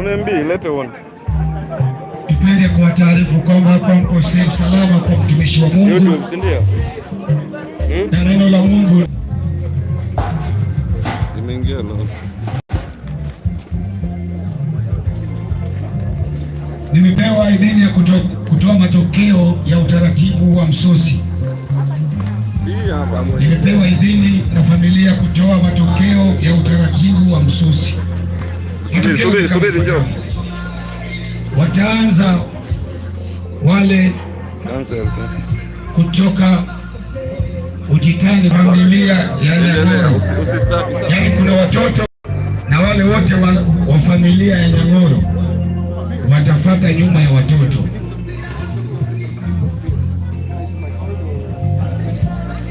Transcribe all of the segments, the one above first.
TuneMB lete uone. Tupende kwa taarifu kwamba hapa mko safe salama kwa mtumishi wa Mungu. YouTube, si ndio? Hmm? Na neno la Mungu limeingia na. Nimepewa idhini ya kutoa matokeo ya utaratibu wa msosi. Nimepewa idhini na familia kutoa matokeo ya utaratibu wa msosi. Subiri, subiri, njoo. Wataanza wale kutoka ujitani familia yani kuna watoto na wale wote wa, wa familia ya Nyang'oro watafata nyuma ya watoto.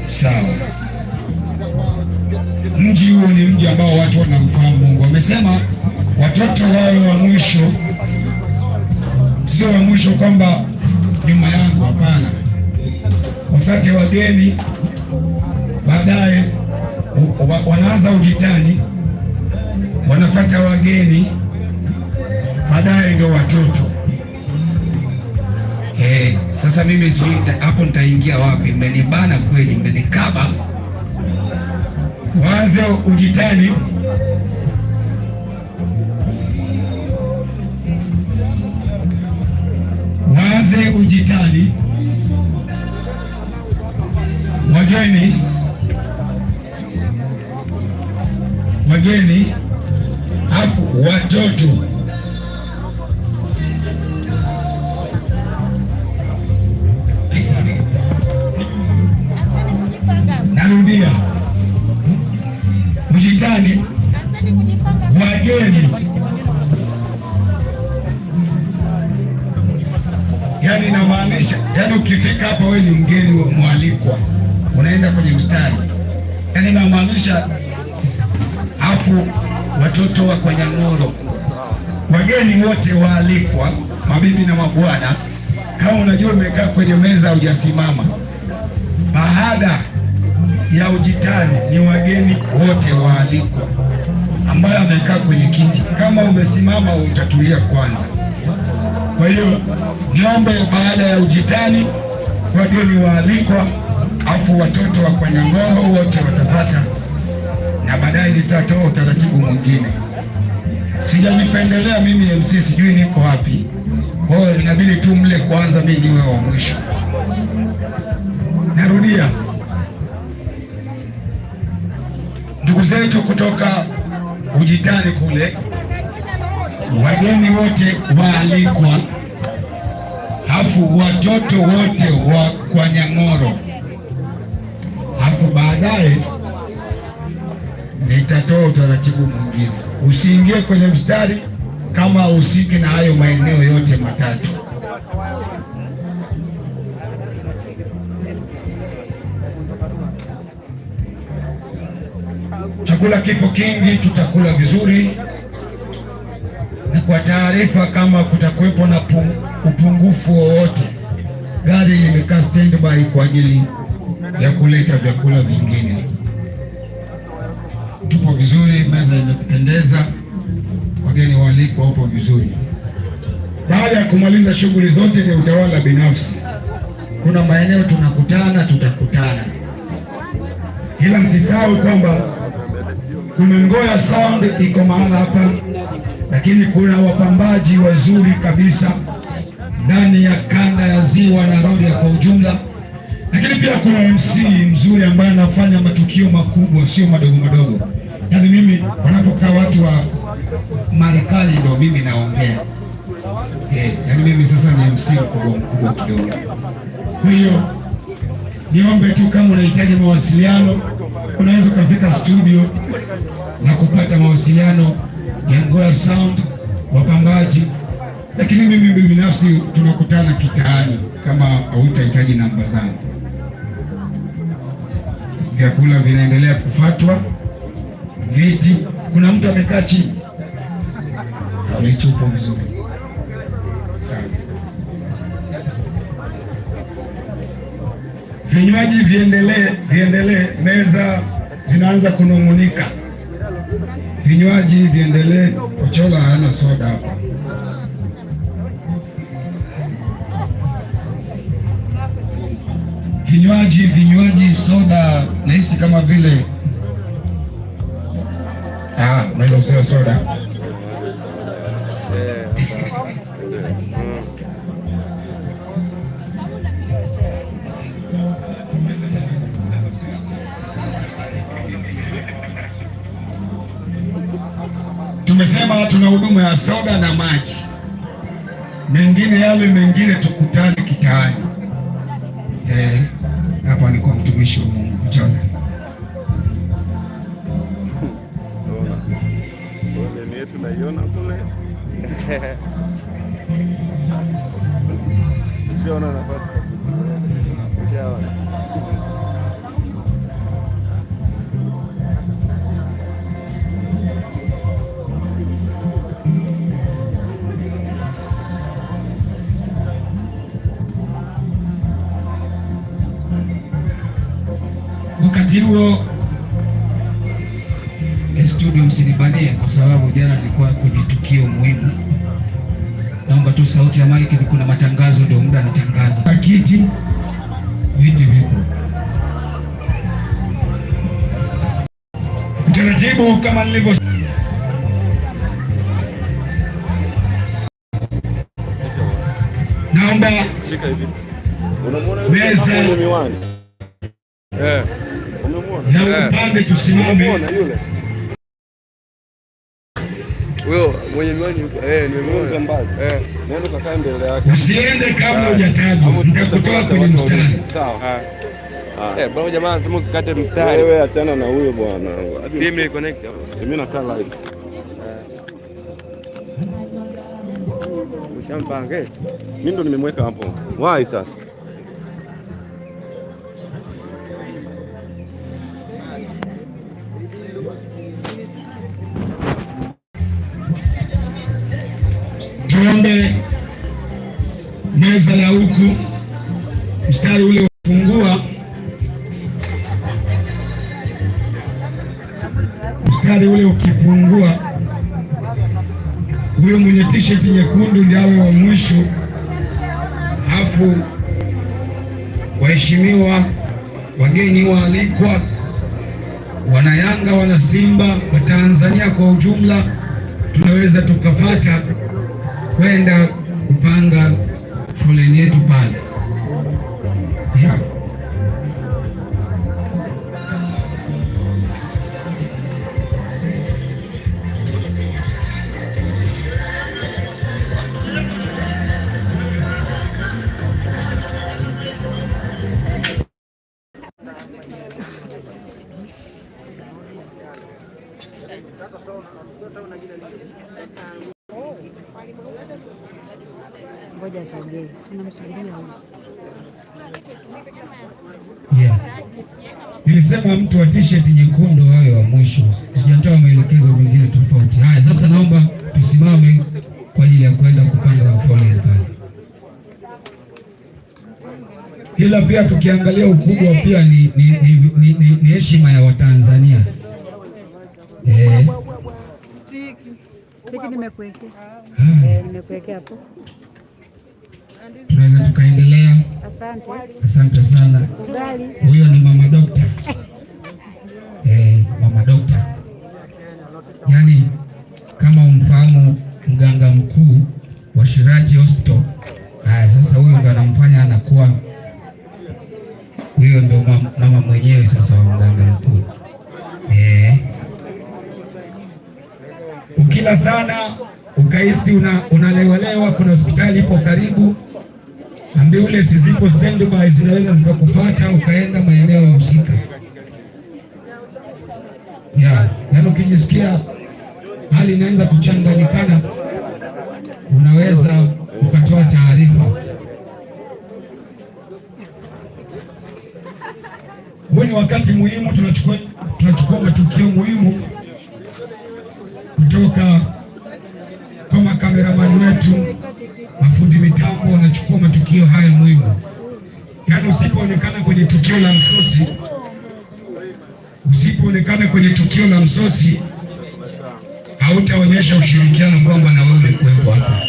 Sawa, mji huo ni mji ambao watu wanamfahamu Mungu, wamesema watoto wao wa mwisho, sio wa mwisho kwamba nyuma yangu, hapana, wafate wageni baadaye wanaanza ujitani, wanafata wageni baadaye ndio watoto. Hey, eh, sasa mimi sijui hapo nitaingia wapi? Mmenibana kweli, mmenikaba. Waanze ujitani, tuanze ujitali. Wageni, wageni afu watoto narudia, mjitali wageni yaani inamaanisha, yaani ukifika hapa wewe ni mgeni mwalikwa, unaenda kwenye mstari, yaani inamaanisha. Afu watoto wa ngoro, wageni wote waalikwa, mabibi na mabwana. Kama unajua umekaa kwenye meza hujasimama, baada ya ujitani ni wageni wote waalikwa, ambaye amekaa kwenye kiti. Kama umesimama utatulia kwanza. Kwa hiyo niombe baada ya ujitani wageni waalikwa, afu watoto wa Kwanyangoho wote watapata, na baadaye nitatoa utaratibu mwingine. Sijanipendelea mimi MC, sijui niko wapi. Kwa hiyo inabidi tu mle kwanza, mimi niwe wa mwisho. Narudia, ndugu zetu kutoka ujitani kule wageni wote waalikwa, alafu watoto wote wa kwa Nyang'oro, alafu baadaye nitatoa utaratibu mwingine. Usiingie kwenye mstari kama usiki na hayo maeneo yote matatu. Chakula kipo kingi, tutakula vizuri kwa taarifa kama kutakuwepo na upungufu wowote, gari limekaa standby kwa ajili ya kuleta vyakula vingine. Tupo vizuri, meza imependeza, wageni waalikwa wapo vizuri. Baada ya kumaliza shughuli zote vya utawala binafsi, kuna maeneo tunakutana, tutakutana, ila msisahau kwamba kuna Ngoya Sound iko mahala hapa lakini kuna wapambaji wazuri kabisa ndani ya kanda ya Ziwa na Rorya kwa ujumla, lakini pia kuna MC mzuri ambaye anafanya matukio makubwa, sio madogo madogo. Yaani mimi wanapokaa watu wa Marekani ndio mimi naongea eh, yaani mimi sasa ni MC mkubwa mkubwa kidogo. Kwa hiyo niombe tu, kama unahitaji mawasiliano, unaweza ukafika studio na kupata mawasiliano ya Goya Sound wapangaji, lakini mimi binafsi tunakutana kitaani. Kama hautahitaji namba zangu, vyakula vinaendelea kufatwa, viti, kuna mtu amekaa chini alichupa vizuri vinywaji viendelee, viendelee, meza zinaanza kunung'unika vinywaji viendelee. Ochola hana soda hapa. Vinywaji, vinywaji, soda nahisi kama vile ah, naizosea soda Tumesema tuna huduma ya soda na maji, mengine yale mengine tukutane kitaani. Eh, hapa ni kwa mtumishi wa Mungu kule wakati huo eh, studio, msinibanie kwa sababu jana nilikuwa kwenye tukio muhimu. Naomba tu sauti ya maiki, kuna matangazo, ndio muda anatangaza. Kiti viti vipo taratibu kama nilivyo naomba tusimame. Eh, eh. Usiende kabla eh. hujatajwa, nitakutoa kwenye mstari. Bwana jamaa, lazima usikate mstari. Wewe achana na huyo bwana. Mimi nakaa live. Mimi ndo nimemweka hapo. Why sasa? Niombe meza ya huku mstari ule upungua, mstari ule ukipungua, huyo mwenye t-shirt nyekundu ndio awe wa mwisho, alafu waheshimiwa, wageni waalikwa, Wanayanga, Wanasimba, tanzania kwa ujumla tunaweza tukafata kwenda kupanga foleni yetu pale. asogee, Nilisema mtu wa t-shirt nyekundu awe wa mwisho, sijatoa maelekezo mengine tofauti. Haya, sasa naomba tusimame kwa ajili ya kwenda kupanga foleni pale, ila pia tukiangalia ukubwa pia ni, ni, ni, ni, ni, ni heshima ya Watanzania eh. Stiki nimekuwekea. Nimekuwekea hapo tunaweza tukaendelea. Asante, asante sana. Huyo ni mama dokta eh, mama dokta, yaani kama umfahamu mganga mkuu wa Shirati Hospital. Haya, sasa huyo ndo anamfanya anakuwa, huyo ndo mama mwenyewe sasa wa mganga mkuu eh. Ukila sana ukahisi unalewalewa, una kuna hospitali ipo karibu ambulance ziko standby, zinaweza zikakufuata ukaenda maeneo husika. Yeah, yaani ukijisikia hali inaanza kuchanganyikana, unaweza ukatoa taarifa. Huu ni wakati muhimu, tunachukua tunachukua matukio muhimu kutoka kwa kameramani wetu mafundi mitambo wanachukua matukio haya muhimu. Yaani, usipoonekana kwenye tukio la msosi, usipoonekana kwenye tukio la msosi, hautaonyesha ushirikiano kwamba na wewe kuwepo hapa.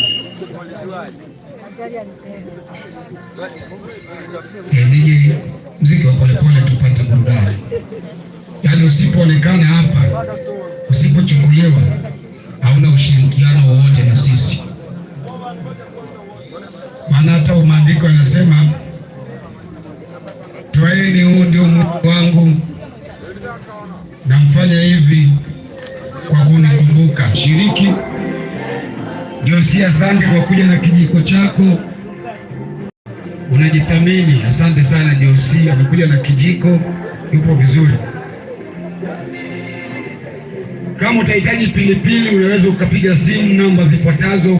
Eh, Ndiye mziki wa polepole tupate burudani. Yaani, usipoonekana hapa, usipochukuliwa, hauna ushirikiano wowote na sisi. Maana hata maandiko yanasema twaeni, huu ndio mwili wangu na mfanya hivi kwa kunikumbuka. Shiriki Josia, asante kwa kuja na kijiko chako, unajithamini. Asante sana Josia, amekuja na kijiko, yupo vizuri. Kama utahitaji pilipili, unaweza ukapiga simu namba zifuatazo.